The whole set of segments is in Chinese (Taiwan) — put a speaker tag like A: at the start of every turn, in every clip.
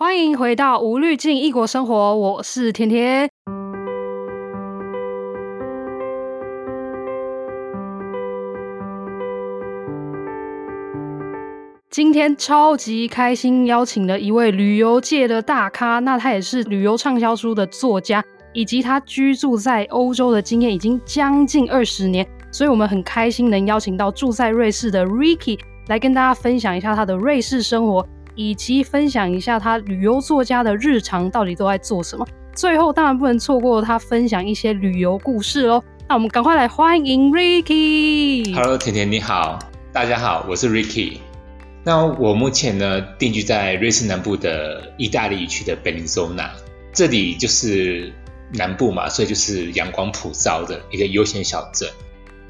A: 歡迎回到無濾鏡異國生活，我是恬恬。今天超級開心，邀請了一位旅遊界的大咖，那他也是旅遊暢銷書的作家，以及他居住在歐洲的經驗已經將近二十年，所以我們很開心能邀請到住在瑞士的 Ricky 來跟大家分享一下他的瑞士生活。以及分享一下他旅遊作家的日常到底都在做什麼。最後當然不能錯過他分享一些旅遊故事哦。那我們趕快來歡迎 Ricky。
B: Hello，甜甜你好，大家好，我是 Ricky。那我目前呢，定居在瑞士南部的意大利語區的貝林佐納。這裡就是南部嘛，所以就是陽光普照的一個悠閒小鎮。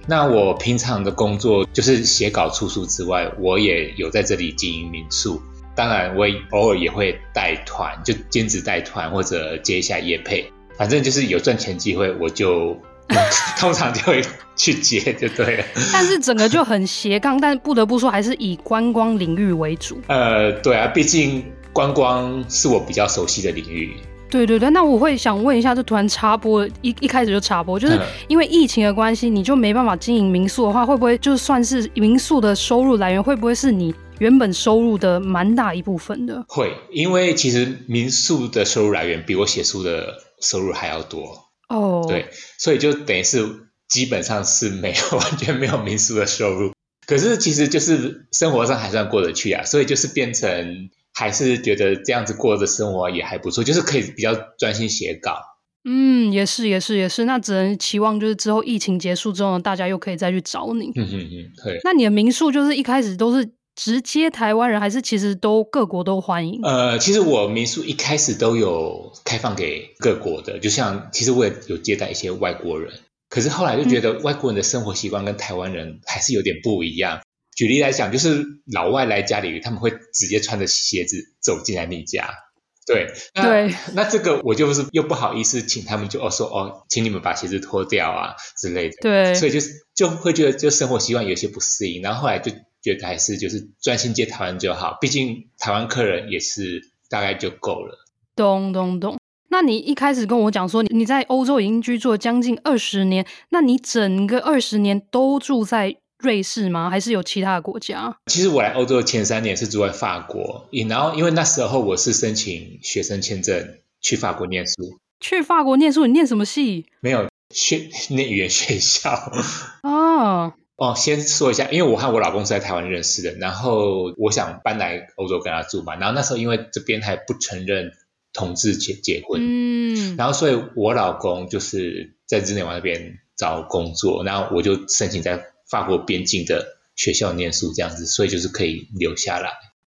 B: 那我平常的工作就是寫稿出書之外，我也有在這裡經營民宿。當然，我偶爾也會帶團，就兼職帶團或者接一下業配，反正就是有賺錢機會，我就 通常就會去接，就對了。
A: 但是整個就很斜槓，但不得不說，還是以觀光領域為主。
B: 呃，對啊，畢竟觀光是我比較熟悉的領域。
A: 對對對，那我會想問一下，就突然插播一一開始就插播，就是因為疫情的關係，你就沒辦法經營民宿的話，會不會就算是民宿的收入來源，會不會是你？原本收入的蠻大一部分的，
B: 會因為其實民宿的收入來源比我寫書的收入還要多哦，oh. 對，所以就等於是基本上是沒有完全沒有民宿的收入，可是其實就是生活上還算過得去啊，所以就是變成還是覺得這樣子過的生活也還不錯，就是可以比較專心寫稿。嗯，
A: 也是也是也是，那只能期望就是之後疫情結束之後呢，大家又可以再去找你。嗯
B: 嗯嗯，對。
A: 那你的民宿就是一開始都是。直接台灣人，還是其實都各國都歡迎？
B: 呃，其實我民宿一開始都有開放給各國的，就像其實我也有接待一些外國人，可是後來就覺得外國人的生活習慣跟台灣人還是有點不一樣。嗯、舉例來講，就是老外來家裡，他們會直接穿着鞋子走進來你家。對，那對那這個我就不是又不好意思請他們就哦說哦，請你們把鞋子脫掉啊之類的，對，所以就是就會覺得就生活習慣有些不適應，然後後來就覺得還是就是專心接台灣就好，畢竟台灣客人也是大概就夠了。
A: 咚咚咚，那你一開始跟我講說你在歐洲已經居住了將近二十年，那你整個二十年都住在？瑞士嗎？還是有其他的國家？
B: 其實我來歐洲前三年是住在法國，然後因為那時候我是申請學生簽證去法國念書，
A: 去法國念書。你念什麼系？
B: 沒有學念語言學校哦哦。先說一下，因為我和我老公是在台灣認識的，然後我想搬來歐洲跟他住嘛。然後那時候因為這邊還不承認同志結結婚，嗯，然後所以我老公就是在日內瓦那邊找工作，然後我就申請在。法國邊境的學校念書這樣子，所以就是可以留下來。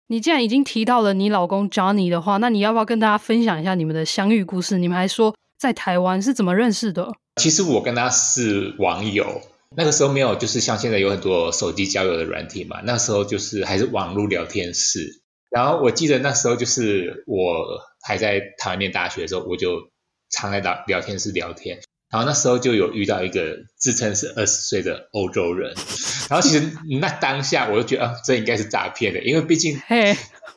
A: 你既然已經提到了你老公 Johnny 的話，那你要不要跟大家分享一下你們的相遇故事？你們還說在台灣是怎麼認識的？
B: 其實我跟他是網友，那個時候沒有，就是像現在有很多手機交友的軟體嘛。那時候就是還是網路聊天室，然後我記得那時候就是我還在台灣念大學的時候，我就常來打聊天室聊天。然後那時候就有遇到一個自稱是二十歲的歐洲人， 然後其實那當下我就覺得啊，這應該是詐騙的，因為畢竟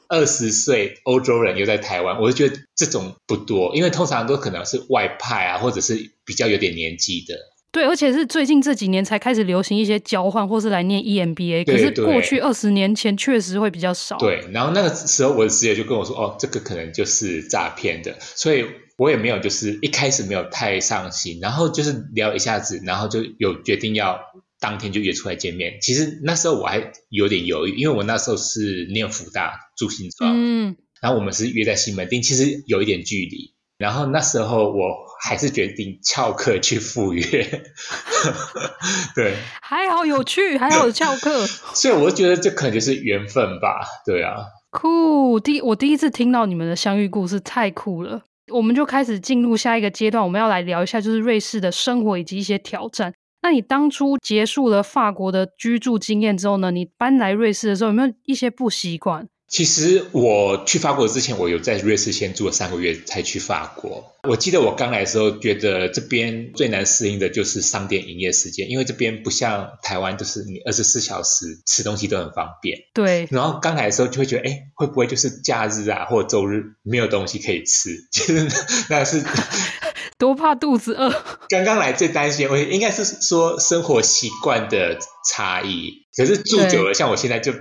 B: 二十歲歐洲人又在台灣，我就覺得這種不多，因為通常都可能是外派啊，或者是比較有點年紀的。
A: 對，而且是最近這幾年才開始流行一些交換，或是來念 EMBA，可是過去二十年前確實會比較少。對，
B: 然後那個時候我的職業就跟我說：“哦，這個可能就是詐騙的。”所以。我也沒有，就是一開始沒有太上心，然後就是聊一下子，然後就有決定要當天就約出來見面。其實那時候我還有點猶豫，因為我那時候是念福大住新莊，嗯，然後我們是約在西門町，其實有一點距離。然後那時候我還是決定翹課去赴約， 對，
A: 還好有趣，還好有翹課，
B: 所以我就覺得這可能就是緣分吧。對啊，
A: 酷，第我第一次聽到你們的相遇故事，太酷了。我們就開始進入下一個階段，我們要來聊一下，就是瑞士的生活以及一些挑戰。那你當初結束了法國的居住經驗之後呢，你搬來瑞士的時候有沒有一些不習慣？
B: 其實我去法國之前，我有在瑞士先住了三個月才去法國。我記得我剛來的時候，覺得這邊最難適應的就是商店營業時間，因為這邊不像台灣，就是你二十四小時吃東西都很方便。
A: 對。然後
B: 剛來的時候就會覺得，哎，會不會就是假日啊，或者周日沒有東西可以吃？其實，那是
A: 多怕肚子餓。
B: 剛剛來最擔心，我應該是說生活習慣的差異。可是住久了，像我現在就。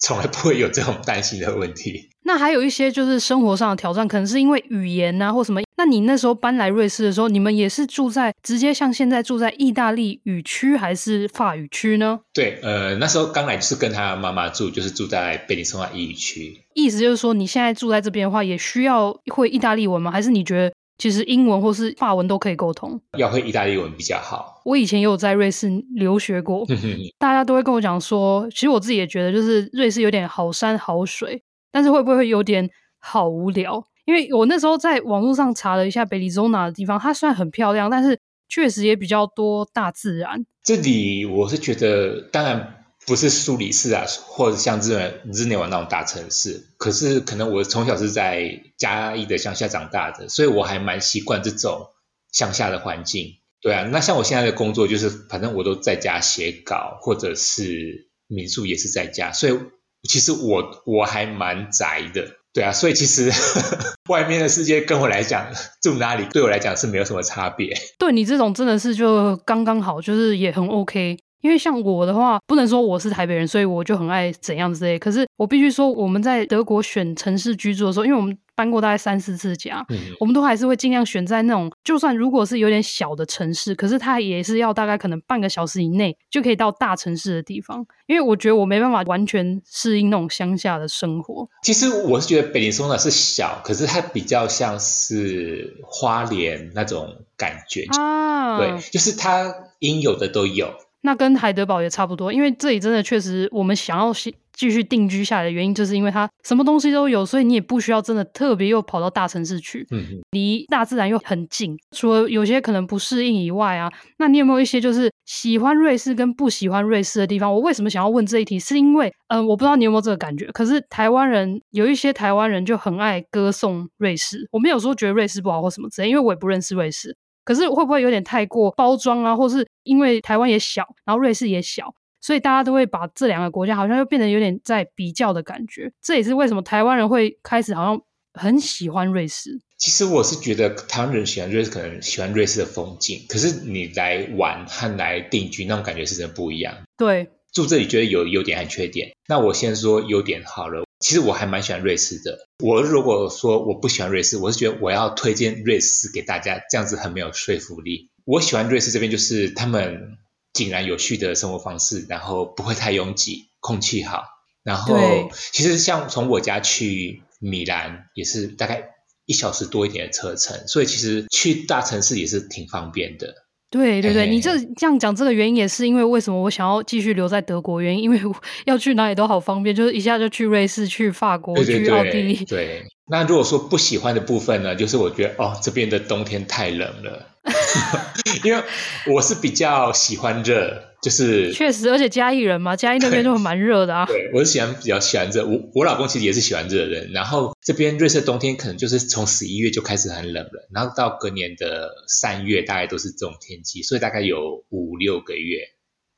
B: 從來不會有這種擔心的問題。
A: 那還有一些就是生活上的挑戰，可能是因為語言啊或什麼。那你那時候搬來瑞士的時候，你們也是住在直接像現在住在意大利語區還是法語區呢？
B: 對，呃，那時候剛來就是跟他媽媽住，就是住在貝利斯法語區。
A: 意思就是說，你現在住在這邊的話，也需要會意大利文嗎？還是你覺得？其實英文或是法文都可以溝通，
B: 要會意大利文比較好。
A: 我以前也有在瑞士留學過， 大家都會跟我講說，其實我自己也覺得，就是瑞士有點好山好水，但是會不會有點好無聊？因為我那時候在網絡上查了一下北里州那的地方，它雖然很漂亮，但是確實也比較多大自然。
B: 這裡我是覺得，當然。不是蘇黎世啊，或者像日日內瓦那種大城市。可是，可能我從小是在嘉義的鄉下長大的，所以我還蠻習慣這種鄉下的環境。對啊，那像我現在的工作，就是反正我都在家寫稿，或者是民宿也是在家，所以其實我我還蠻宅的。對啊，所以其實呵呵外面的世界跟我來講，住哪裡對我來講是沒有什麼差別。
A: 對，你這種真的是就剛剛好，就是也很 OK。因為像我的話，不能說我是台北人，所以我就很愛怎樣之類的。可是我必須說，我們在德國選城市居住的時候，因為我們搬過大概三四次家，嗯，我們都還是會盡量選在那種，就算如果是有點小的城市，可是它也是要大概可能半個小時以內就可以到大城市的地方。因為我覺得我沒辦法完全適應那種鄉下的生活。
B: 其實我是覺得北林松的是小，可是它比較像是花蓮那種感覺，啊，對，就是它應有的都有。
A: 那跟海德堡也差不多，因為這裡真的確實，我們想要繼繼續定居下來的原因，就是因為它什麼東西都有，所以你也不需要真的特別又跑到大城市去。嗯，離大自然又很近，除了有些可能不適應以外啊，那你有沒有一些就是喜歡瑞士跟不喜歡瑞士的地方？我為什麼想要問這一題，是因為，嗯，我不知道你有沒有這個感覺，可是台灣人有一些台灣人就很愛歌頌瑞士，我沒有說覺得瑞士不好或什麼之類，因為我也不認識瑞士，可是會不會有點太過包裝啊，或是？因為台灣也小，然後瑞士也小，所以大家都會把這兩個國家好像又變得有點在比較的感覺。這也是為什麼台灣人會開始好像很喜歡瑞士。
B: 其實我是覺得台灣人喜歡瑞士，可能喜歡瑞士的風景。可是你來玩和來定居那種感覺是真的不一樣。對，住這裡覺得有優點和缺點。那我先說優點好了。其實我還蠻喜歡瑞士的。我如果說我不喜歡瑞士，我是覺得我要推薦瑞士給大家，這樣子很沒有說服力。我喜歡瑞士這邊，就是他們井然有序的生活方式，然後不會太擁擠，空氣好。然後其實像從我家去米蘭也是大概一小時多一點的車程，所以其實去大城市也是挺方便的。
A: 對對對，嘿嘿你這這樣講，這個原因也是因為為什麼我想要繼續留在德國原因，因為要去哪裡都好方便，就是一下就去瑞士、去法國、對對對去奧地利。
B: 對。那如果說不喜歡的部分呢，就是我覺得哦，這邊的冬天太冷了。 因為我是比較喜歡熱，就是確
A: 實，而且嘉義人嘛，嘉義那邊都很蠻熱的啊。對，
B: 我是喜歡比較喜歡熱，我我老公其實也是喜歡熱的人。然後這邊瑞士的冬天可能就是從十一月就開始很冷了，然後到隔年的三月大概都是這種天氣，所以大概有五六個月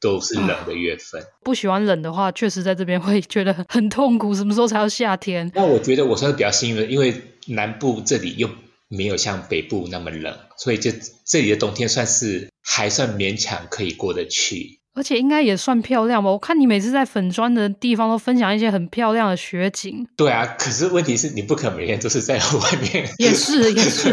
B: 都是冷的月份。
A: 哦，不喜歡冷的話，確實在這邊會覺得很痛苦。什麼時候才有夏天？那
B: 我覺得我算是比較幸運，因為南部這裡又沒有像北部那麼冷，所以就這裡的冬天算是還算勉強可以過得去，
A: 而且應該也算漂亮吧。我看你每次在粉專的地方都分享一些很漂亮的雪景。
B: 對啊，可是問題是你不可能每天都是在外面。也是也是。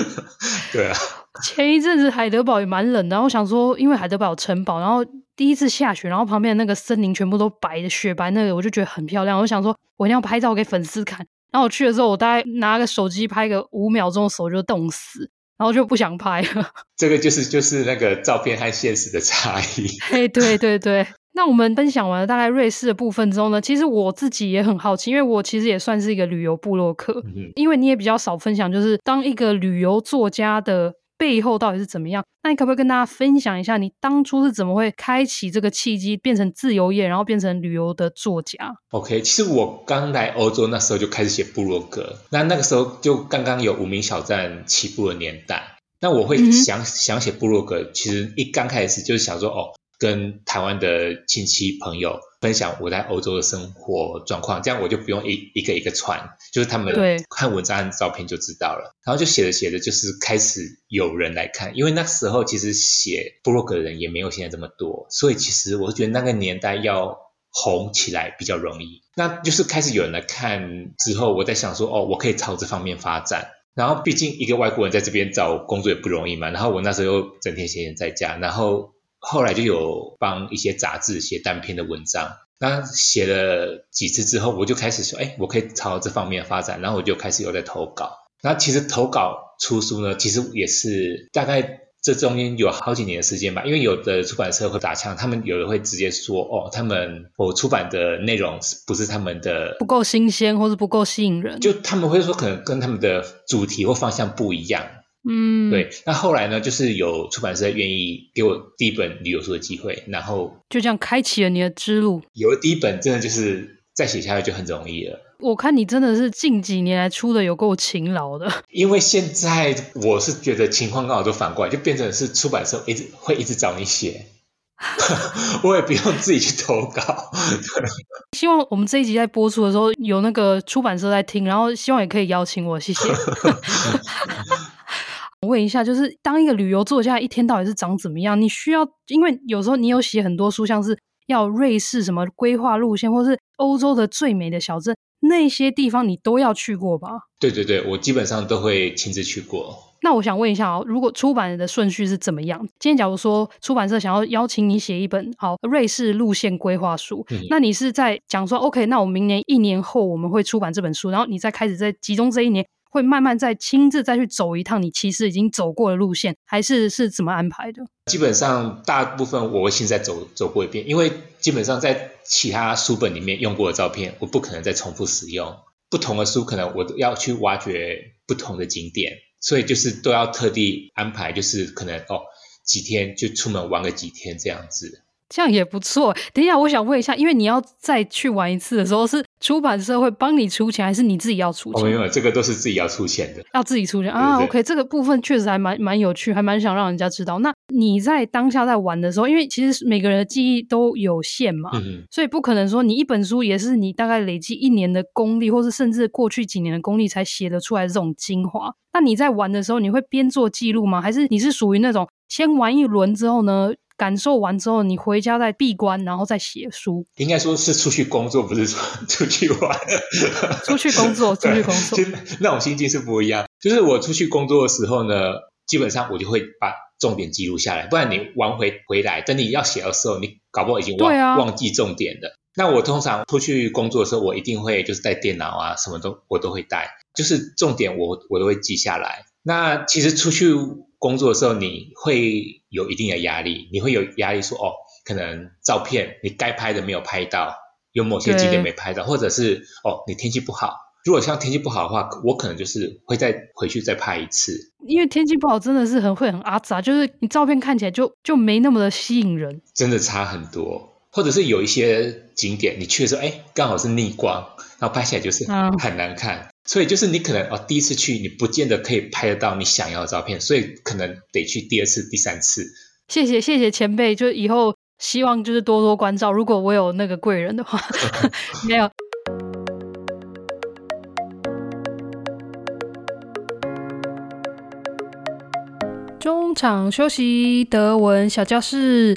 B: 對
A: 啊。前一陣子海德堡也蠻冷的，我想說，因為海德堡有城堡，然後第一次下雪，然後旁邊那個森林全部都白的雪白，那個我就覺得很漂亮，我想說我一定要拍照給粉絲看。然後我去的時候，我大概拿個手機拍個五秒鐘，手就凍死，然後就不想拍了。
B: 這個就是就是那個照片和現實的差異。嘿
A: 對對對。對對 那我們分享完了大概瑞士的部分之後呢，其實我自己也很好奇，因為我其實也算是一個旅遊部落客，嗯、因為你也比較少分享，就是當一個旅遊作家的。背後到底是怎麼樣？那你可不可以跟大家分享一下，你當初是怎麼會開啟這個契機，變成自由業，然後變成旅遊的作家
B: ？OK，其實我剛來歐洲那時候就開始寫部落格，那那個時候就剛剛有無名小站起步的年代，那我會想、嗯、想寫部落格，其實一剛開始就是想說哦。跟台灣的親戚朋友分享我在歐洲的生活狀況，這樣我就不用一一個一個傳，就是他們看文章、照片就知道了。然後就寫着寫着，就是開始有人來看，因為那時候其實寫部落格的人也沒有現在這麼多，所以其實我覺得那個年代要紅起來比較容易。那就是開始有人來看之後，我在想說，哦，我可以朝這方面發展。然後畢竟一個外國人在這邊找工作也不容易嘛。然後我那時候又整天閒閒在家，然後。後來就有幫一些雜誌寫單篇的文章，那寫了幾次之後，我就開始說：“哎，我可以朝這方面發展。”然後我就開始有在投稿。那其實投稿出書呢，其實也是大概這中間有好幾年的時間吧。因為有的出版社會打槍，他們有的會直接說：“哦，他們我出版的內容不是他們的不
A: 夠新鮮，或是不夠吸引人。”
B: 就他們會說，可能跟他們的主題或方向不一樣。嗯，對。那後來呢就是有出版社願意給我第一本旅遊書的機會，然後
A: 就這樣開啟了你的之路。
B: 有了第一本，真的就是再寫下來就很容易了。
A: 我看你真的是近幾年來出的有夠勤勞的。
B: 因為現在我是覺得情況剛好都反過來，就變成是出版社會一直會一直找你寫， 我也不用自己去投稿。
A: 希望我們這一集在播出的時候有那個出版社在聽，然後希望也可以邀請我，謝謝。 問一下，就是當一個旅遊作家，一天到底是長怎麼樣？你需要，因為有時候你有寫很多書，像是要瑞士什麼規劃路線，或是歐洲的最美的小鎮，那些地方你都要去過吧？
B: 對對對，我基本上都會親自去過。
A: 那我想問一下哦，如果出版的順序是怎麼樣？今天假如說出版社想要邀請你寫一本好瑞士路線規劃書，嗯、那你是在講說，OK，那我明年一年後我們會出版這本書，然後你再開始在集中這一年。會慢慢再親自再去走一趟，你其實已經走過的路線，還是是怎麼安排
B: 的？基本上大部分我會現在走走過一遍，因為基本上在其他書本裡面用過的照片，我不可能再重複使用。不同的書可能我都要去挖掘不同的景點，所以就是都要特地安排，就是可能哦幾天就出門玩個幾天這樣子。
A: 這樣也不錯。等一下，我想問一下，因為你要再去玩一次的時候是。出版社會幫你出錢，還是你自己要出錢？
B: 哦，沒有，這個都是自己要出錢的，
A: 要自己出錢啊對對。OK，這個部分確實還蠻蠻有趣，還蠻想讓人家知道。那你在當下在玩的時候，因為其實每個人的記憶都有限嘛、嗯，所以不可能說你一本書也是你大概累積一年的功力，或是甚至過去幾年的功力才寫得出來這種精華。那你在玩的時候，你會邊做記錄嗎？還是你是屬於那種先玩一輪之後呢？感受完之後，你回家再閉關，然後再寫書。
B: 應該說是出去工作，不是說出去玩。出去工作， 出去工作。那我心境是不一樣。就是我出去工作的時候呢，基本上我就會把重點記錄下來，不然你玩回回來，等你要寫的時候，你搞不好已經忘、啊、忘記重點了。那我通常出去工作的時候，我一定會就是帶電腦啊，什麼都我都會帶，就是重點我我都會記下來。那其實出去。工作的時候，你會有一定的壓力，你會有壓力說哦，可能照片你該拍的沒有拍到，有某些景點沒拍到，或者是哦，你天氣不好。如果像天氣不好的話，我可能就是會再回去再拍一次。
A: 因為天氣不好真的是很會很阿雜，就是你照片看起來就就沒那麼的吸引人，
B: 真的差很多。或者是有一些景點，你去的時候，哎、欸，剛好是逆光，然後拍起來就是很難看。Uh. 所以就是你可能哦，第一次去，你不見得可以拍得到你想要的照片，所以可能得去第二次、第三次。
A: 謝謝謝謝前輩，就以後希望就是多多關照。如果我有那個貴人的話， 沒有。 中場休息，德文小教室。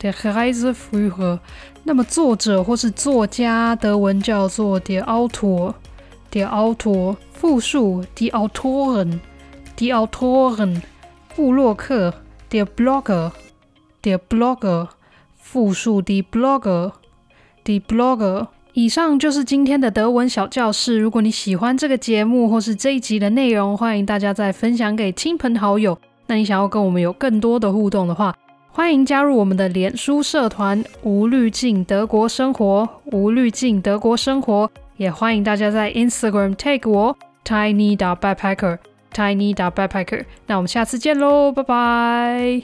A: der Reiseführer。那麼作者或是作家德文叫做 der Autor，der Autor，複數 die Autoren，die Autoren，部落客 der Blogger，der Blogger，複數 die Blogger，die Blogger。以上就是今天的德文小教室。如果你喜歡這個節目或是這一集的內容，歡迎大家再分享給親朋好友。那你想要跟我們有更多的互動的話，歡迎加入我們的臉書社團“無濾鏡德國生活”，無濾鏡德國生活。也歡迎大家在 Instagram tag 我 Tiny 打 Backpacker，Tiny 打 Backpacker。那我們下次見嘍，拜拜。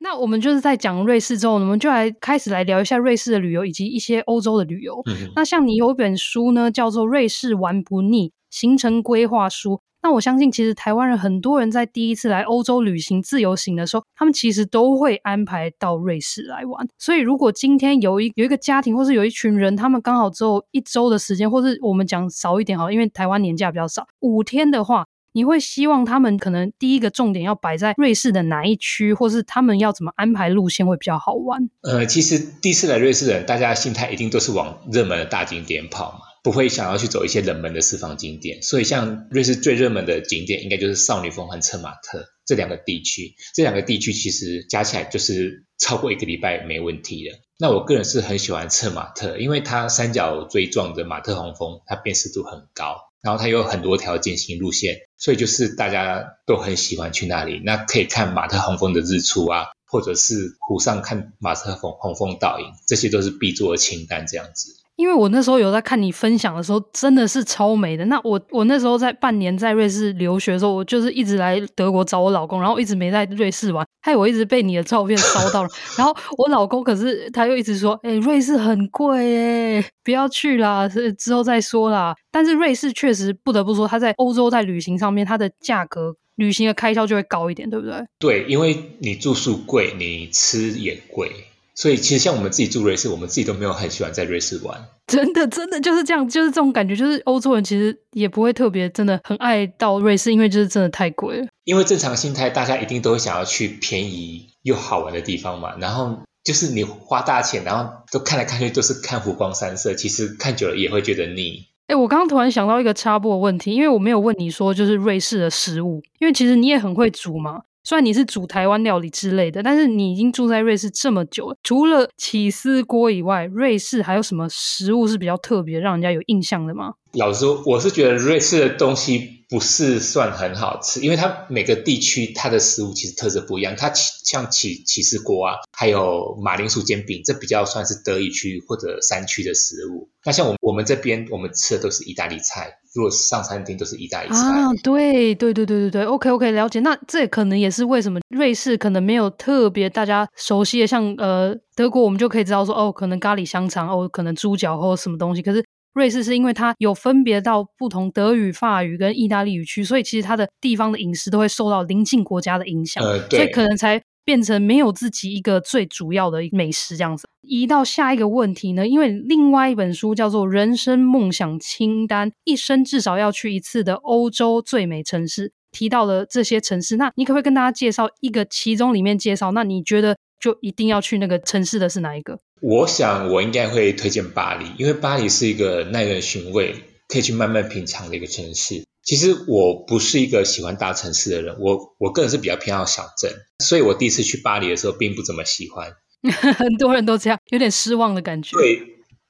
A: 那我們就是在講瑞士之後，我們就來開始來聊一下瑞士的旅遊以及一些歐洲的旅遊。嗯、那像你有本書呢，叫做《瑞士玩不膩》行程規劃書。那我相信，其實台灣人很多人在第一次來歐洲旅行自由行的時候，他們其實都會安排到瑞士來玩。所以，如果今天有一有一個家庭，或是有一群人，他們剛好只有一周的時間，或是我們講少一點好，因為台灣年假比較少，五天的話，你會希望他們可能第一個重點要擺在瑞士的哪一區，或是他們要怎麼安排路線會比較好玩？
B: 呃，其實第一次來瑞士的人，大家的心態一定都是往熱門的大景點跑嘛。不會想要去走一些冷門的私房景點，所以像瑞士最熱門的景點，應該就是少女峰和策馬特這兩個地區。這兩個地區其實加起來就是超過一個禮拜沒問題的。那我個人是很喜歡策馬特，因為它三角錐狀的馬特洪峰，它辨識度很高，然後它有很多條健行路線，所以就是大家都很喜歡去那裡。那可以看馬特洪峰的日出啊，或者是湖上看馬特洪、洪峰倒影，這些都是必做的清單這樣子。
A: 因為我那時候有在看你分享的時候，真的是超美的。那我我那時候在半年在瑞士留學的時候，我就是一直來德國找我老公，然後一直沒在瑞士玩。害我一直被你的照片燒到了。 然後我老公可是他又一直說：“誒，瑞士很貴誒，不要去啦，是之後再說啦。”但是瑞士確實不得不說，它在歐洲在旅行上面，它的價格旅行的開銷就會高一點，對不對？
B: 對，因為你住宿貴，你吃也貴。所以其實像我們自己住瑞士，我們自己都沒有很喜歡在瑞士玩。
A: 真的，真的就是這樣，就是這種感覺，就是歐洲人其實也不會特別真的很愛到瑞士，因為就是真的太貴
B: 了。因為正常心態，大家一定都會想要去便宜又好玩的地方嘛。然後就是你花大錢，然後都看來看去都是看湖光山色，其實看久了也會覺得膩。
A: 誒，欸，我剛剛突然想到一個插播的問題，因為我沒有問你說就是瑞士的食物，因為其實你也很會煮嘛。雖然你是煮台灣料理之類的，但是你已經住在瑞士這麼久了，除了起司鍋以外，瑞士還有什麼食物是比較特別、讓人家有印象的嗎？
B: 老實說，我是覺得瑞士的東西不是算很好吃，因為它每個地區它的食物其實特色不一樣。它像起起司鍋啊，還有馬鈴薯煎餅，這比較算是德語區或者山區的食物。那像我們我們這邊，我們吃的都是意大利菜。如果上
A: 餐廳，都是意大利。餐廳、啊。啊，對對對對對對，OK OK，了解。那這可能也是為什麼瑞士可能沒有特別大家熟悉的，像呃德國，我們就可以知道說，哦，可能咖喱香腸，哦，可能豬腳或什麼東西。可是瑞士是因為它有分別到不同德語、法語跟意大利語區，所以其實它的地方的飲食都會受到鄰近國家的影響，呃、對，所以可能才。變成沒有自己一個最主要的美食這樣子。移到下一個問題呢，因為另外一本書叫做《人生夢想清單》，一生至少要去一次的歐洲最美城市，提到了這些城市。那你可不可以跟大家介紹一個其中裡面介紹？那你覺得就一定要去那個城市的是哪一個？
B: 我想我應該會推薦巴黎，因為巴黎是一個耐人尋味、可以去慢慢品嘗的一個城市。其實我不是一個喜歡大城市的人，我我個人是比較偏好小鎮，所以我第一次去巴黎的時候並不怎麼喜歡。
A: 很多人都這樣，有點失望的感覺。
B: 對，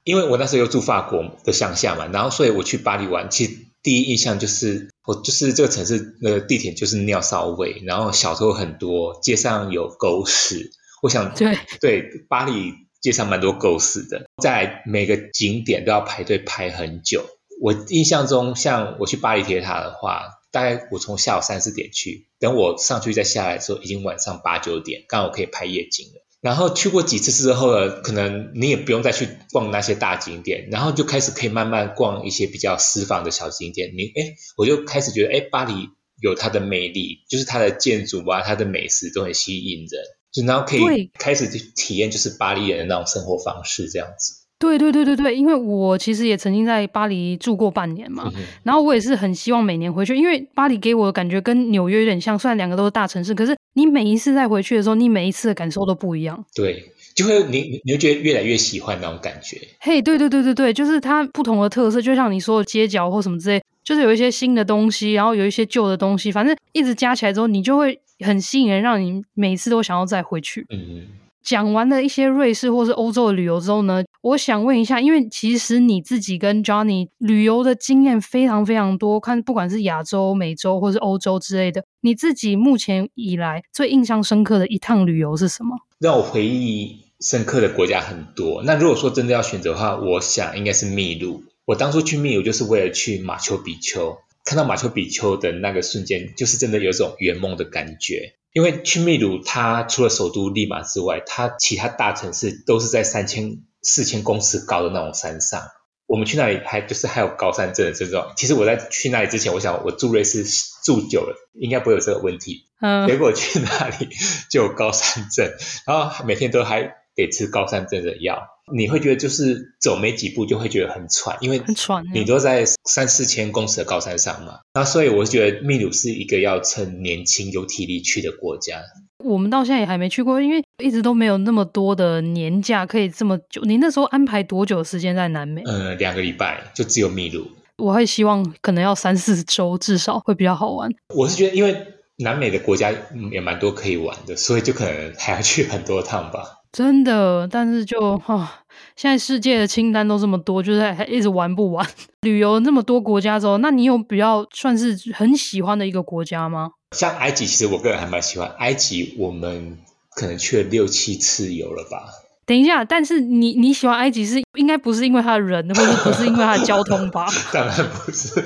B: 因為我那時候有住法國的鄉下嘛，然後所以我去巴黎玩，其實第一印象就是，我就是這個城市那個地鐵就是尿騷味，然後小偷很多，街上有狗屎。我想對對，巴黎街上蠻多狗屎的，在每個景點都要排隊排很久。我印象中，像我去巴黎鐵塔的話，大概我從下午三四點去，等我上去再下來的時候，已經晚上八九點，剛好可以拍夜景了。然後去過幾次之後呢，可能你也不用再去逛那些大景點，然後就開始可以慢慢逛一些比較私房的小景點。你，誒，我就開始覺得，誒，巴黎有它的魅力，就是它的建築啊，它的美食都很吸引人，就然後可以開始去體驗，就是巴黎人的那種生活方式這樣子。
A: 對對對對對，因為我其實也曾經在巴黎住過半年嘛、嗯，然後我也是很希望每年回去，因為巴黎給我的感覺跟紐約有點像，雖然兩個都是大城市，可是你每一次再回去的時候，你每一次的感受都不一樣。
B: 對，就會你你就覺得越來越喜歡那種感覺。嘿、
A: hey，對對對對對，就是它不同的特色，就像你說的街角或什麼之類，就是有一些新的東西，然後有一些舊的東西，反正一直加起來之後，你就會很吸引人，讓你每一次都想要再回去。嗯。講完了一些瑞士或是歐洲的旅遊之後呢，我想問一下，因為其實你自己跟 Johnny 旅遊的經驗非常非常多，看不管是亞洲、美洲或是歐洲之類的，你自己目前以來最印象深刻的一趟旅遊是什麼？
B: 讓我回憶深刻的國家很多，那如果說真的要選擇的話，我想應該是秘魯。我當初去秘魯就是為了去馬丘比丘，看到馬丘比丘的那個瞬間，就是真的有一種圓夢的感覺。因為去秘魯，它除了首都利馬之外，它其他大城市都是在三千、四千公尺高的那種山上。我們去那裡還就是還有高山症的這種。其實我在去那裡之前，我想我住瑞士住久了應該不會有這個問題。
A: 嗯，結果
B: 去那裡就有高山症，然後每天都還得吃高山症的藥，你會覺得就是走沒幾步就會覺得很喘。因為很喘，你都在三四千公尺的高山上嘛。那所以我是覺得秘魯是一個要趁年輕有體力去的國家。
A: 我們到現在也還沒去過，因為一直都沒有那麼多的年假可以這麼久。你那時候安排多久的時間在南美？
B: 嗯，兩個禮拜就只有秘魯。
A: 我會希望可能要三四週，至少會比較好玩。
B: 我是覺得，因為南美的國家也蠻多可以玩的，所以就可能還要去很多趟吧。
A: 真的，但是就哈，現在世界的清單都這麼多，就是還，還一直玩不完。旅遊那麼多國家之後，那你有比較算是很喜歡的一個國家嗎？
B: 像埃及，其實我個人還蠻喜歡埃及。我們可能去了六七次遊了吧。
A: 等一下，但是你你喜歡埃及是應該不是因為它的人，或者不是因為它的交通吧？
B: 當然不是，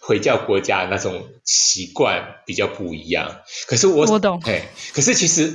B: 回教國家那種習慣比較不一樣。可是我我懂，可是其實。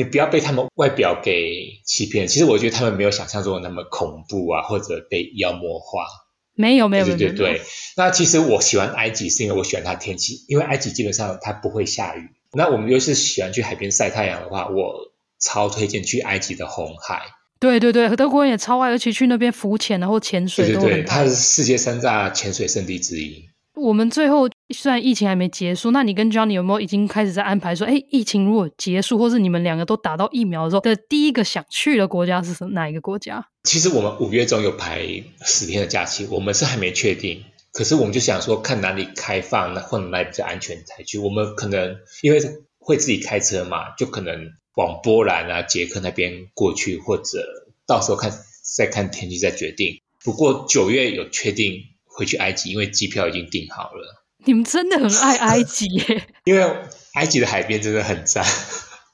B: 你不要被他們外表給欺騙，其實我覺得他們沒有想象中那麼恐怖啊，或者被妖魔化。
A: 沒有，沒有，對對對。
B: 那其實我喜歡埃及是因為我喜歡它的天氣，因為埃及基本上它不會下雨。那我們又是喜歡去海邊曬太陽的話，我超推薦去埃及的紅海。
A: 對對對，德國人也超愛，尤其去那邊浮潛然後潛水，對對對，它
B: 是世界三大潛水聖地之一。
A: 我們最後雖然疫情還沒結束，那你跟 Johnny 有沒有已經開始在安排說，誒，疫情如果結束，或是你們兩個都打到疫苗的時候，的第一個想去的國家是哪一個國家？
B: 其實我們五月中有排十天的假期，我們是還沒確定，可是我們就想說，看哪裡開放，那哪裡比較安全才去。我們可能因為會自己開車嘛，就可能往波蘭啊、捷克那邊過去，或者到時候看再看天氣再決定。不過九月有確定，回去埃及，因為機票已經訂好了。
A: 你們真的很愛埃
B: 及耶！ 因為埃及的海邊真的很讚。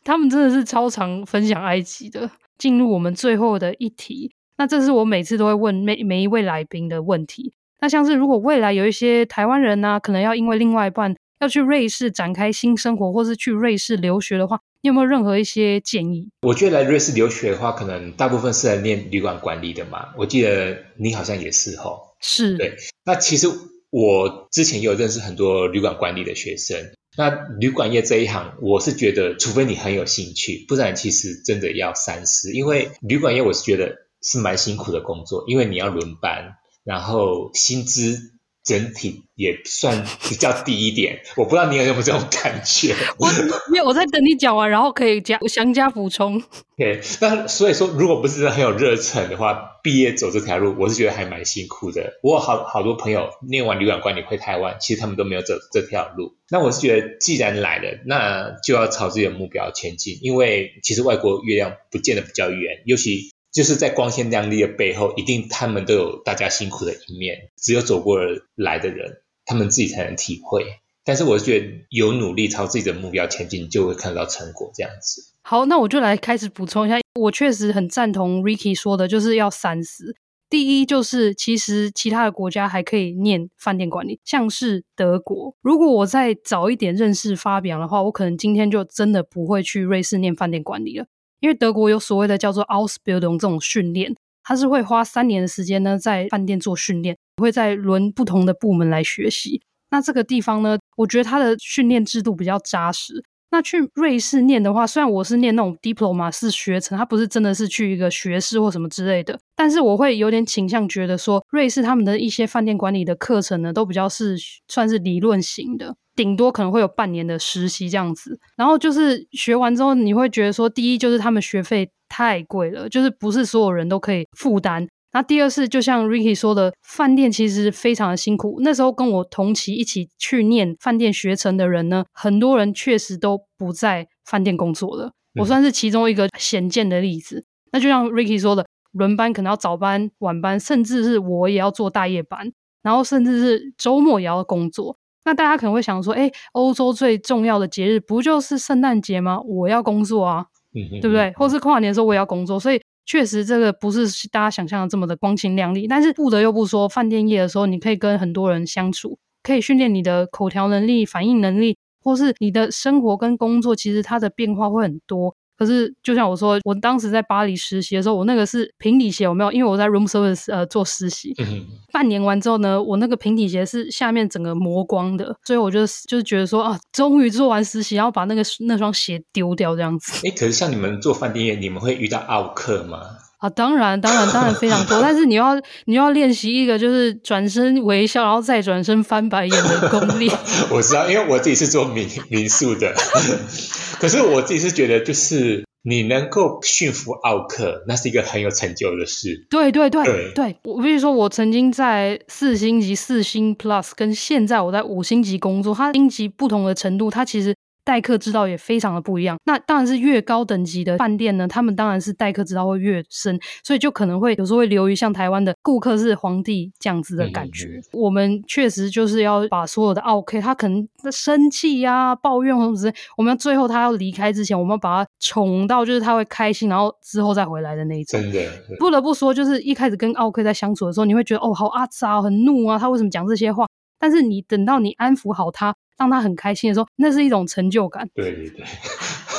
A: 他們真的是超常分享埃及的。進入我們最後的一題，那這是我每次都會問每每一位來賓的問題。那像是如果未來有一些台灣人呢、啊，可能要因為另外一半要去瑞士展開新生活，或是去瑞士留學的話，你有沒有任何一些建議？
B: 我覺得來瑞士留學的話，可能大部分是來念旅館管理的嘛。我記得你好像也是吼。是，對，那其實我之前也有認識很多旅館管理的學生。那旅館業這一行，我是覺得，除非你很有興趣，不然其實真的要三思，因為旅館業我是覺得是蠻辛苦的工作，因為你要輪班，然後薪資。整體也算比較低一點， 我不知道你有沒有這種感覺。 我沒
A: 有，我在等你講完，然後可以加我想加補充。對、
B: okay,，那所以說，如果不是很有熱忱的話，畢業走這條路，我是覺得還蠻辛苦的。我有好好多朋友念完旅館管理回台灣，其實他們都沒有走這條路。那我是覺得，既然來了，那就要朝自己的目標前進，因為其實外國月亮不見得比較圓，尤其。就是在光鮮亮麗的背後，一定他們都有大家辛苦的一面。只有走過來的人，他們自己才能體會。但是我覺得有努力朝自己的目標前進，就會看到成果。這樣子。
A: 好，那我就來開始補充一下。我確實很贊同 Ricky 說的，就是要三思。第一，就是其實其他的國家還可以念飯店管理，像是德國。如果我再早一點認識 Fabian 的話，我可能今天就真的不會去瑞士念飯店管理了。因為德國有所謂的叫做 Ausbildung 這種訓練，它是會花三年的時間呢，在飯店做訓練，會再輪不同的部門來學習。那這個地方呢，我覺得它的訓練制度比較扎實。那去瑞士念的話，雖然我是念那種 diploma 是學程，它不是真的是去一個學士或什麼之類的，但是我會有點傾向覺得說，瑞士他們的一些飯店管理的課程呢，都比較是算是理論型的，頂多可能會有半年的實習這樣子。然後就是學完之後，你會覺得說，第一就是他們學費太貴了，就是不是所有人都可以負擔。那第二次就像 Ricky 說的，飯店其實非常的辛苦。那時候跟我同期一起去念飯店學程的人呢，很多人確實都不在飯店工作了、嗯。我算是其中一個顯見的例子。那就像 Ricky 說的，輪班可能要早班、晚班，甚至是我也要做大夜班，然後甚至是周末也要工作。那大家可能會想說，哎，歐洲最重要的節日不就是聖誕節嗎？我要工作啊，嗯、對不對、嗯？或是跨年的時候我也要工作，所以。確實，這個不是大家想象的這麼的光鮮亮麗。但是不得又不說，飯店業的時候，你可以跟很多人相處，可以訓練你的口條能力、反應能力，或是你的生活跟工作，其實它的變化會很多。可是，就像我說，我當時在巴黎實習的時候，我那個是平底鞋，我沒有，因為我在 room service 呃做實習、嗯，半年完之後呢，我那個平底鞋是下面整個磨光的，所以我就就是覺得說啊，終於做完實習，然後把那個那雙鞋丟掉這樣子。誒、欸，
B: 可是像你們做飯店業，你們會遇到奧客嗎？
A: 啊，當然，當然，當然非常多， 但是你又要你又要練習一個就是轉身微笑，然後再轉身翻白眼的功力。
B: 我知道，因為我自己是做民民宿的， 可是我自己是覺得，就是你能夠馴服奧客，那是一個很有成就的事。對對對對，
A: 對我比如說，我曾經在四星級、四星 Plus 跟現在我在五星級工作，它星級不同的程度，它其實。待客之道也非常的不一樣。那當然是越高等級的飯店呢，他們當然是待客之道會越深，所以就可能會有時候會流於像台灣的顧客是皇帝這樣子的感覺。嗯、我們確實就是要把所有的奧客，他可能生氣呀、啊、抱怨或者是，我們要最後他要離開之前，我們要把他寵到就是他會開心，然後之後再回來的那種。真的，不得不說，就是一開始跟奧客在相處的時候，你會覺得哦，好阿雜、很怒啊，他為什麼講這些話？但是你等到你安撫好他。讓他很開心的說，那是一種成就感。對對對，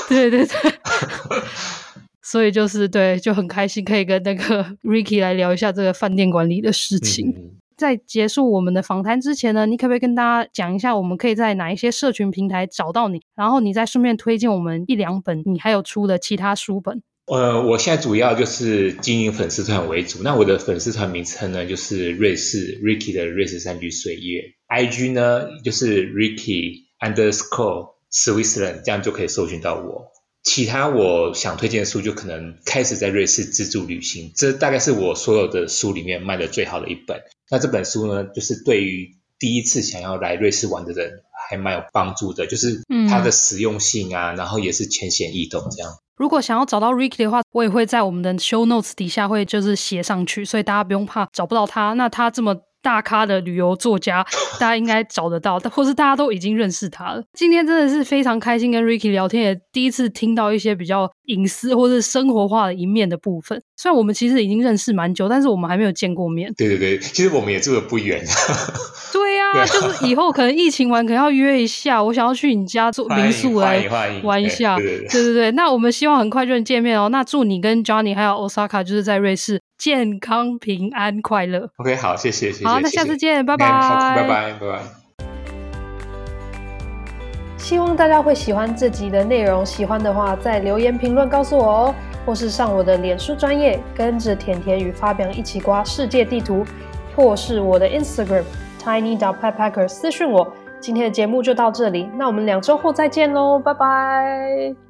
A: 對對對,對。 所以就是對，就很開心，可以跟那個 Ricky 來聊一下這個飯店管理的事情。嗯。在結束我們的訪談之前呢，你可不可以跟大家講一下，我們可以在哪一些社群平台找到你？然後你再順便推薦我們一兩本你還有出的其他書本。
B: 呃，我現在主要就是經營粉絲團為主。那我的粉絲團名稱呢，就是瑞士 Ricky 的瑞士山居歲月。IG 呢，就是 Ricky underscore Switzerland，這樣就可以搜尋到我。其他我想推薦的書，就可能開始在瑞士自助旅行。這大概是我所有的書裡面賣的最好的一本。那這本書呢，就是對於第一次想要來瑞士玩的人。還蠻有幫助的，就是它的實用性啊、嗯，然後也是淺顯易懂這樣。
A: 如果想要找到 Ricky 的話，我也會在我們的 show notes 底下會就是寫上去，所以大家不用怕找不到他。那他這麼大咖的旅遊作家，大家應該找得到， 或是大家都已經認識他了。今天真的是非常開心跟 Ricky 聊天，也第一次聽到一些比較隱私或是生活化的一面的部分。雖然我們其實已經認識蠻久，但是我們還沒有見過面。
B: 對對對，其實我們也住的不遠。 對。
A: 那 就是以後可能疫情完，可能要約一下。 我想要去你家住民宿來玩一下，對對對。對不對 那我們希望很快就能見面哦。那祝你跟 Johnny 還有 Osaka 就是在瑞士健康、平安、快樂。OK，好，謝
B: 謝，謝謝。好，那下次見，拜拜，拜拜，拜、okay, 拜。
A: 希望大家會喜歡這集的內容，喜歡的話在留言評論告訴我哦，或是上我的臉書專頁跟着恬恬與 Fabian 一起刮世界地圖，或是我的 Instagram。Tiny dot backpacker 私訊我，今天的節目就到這裡，那我們兩周後再見嘍，拜拜。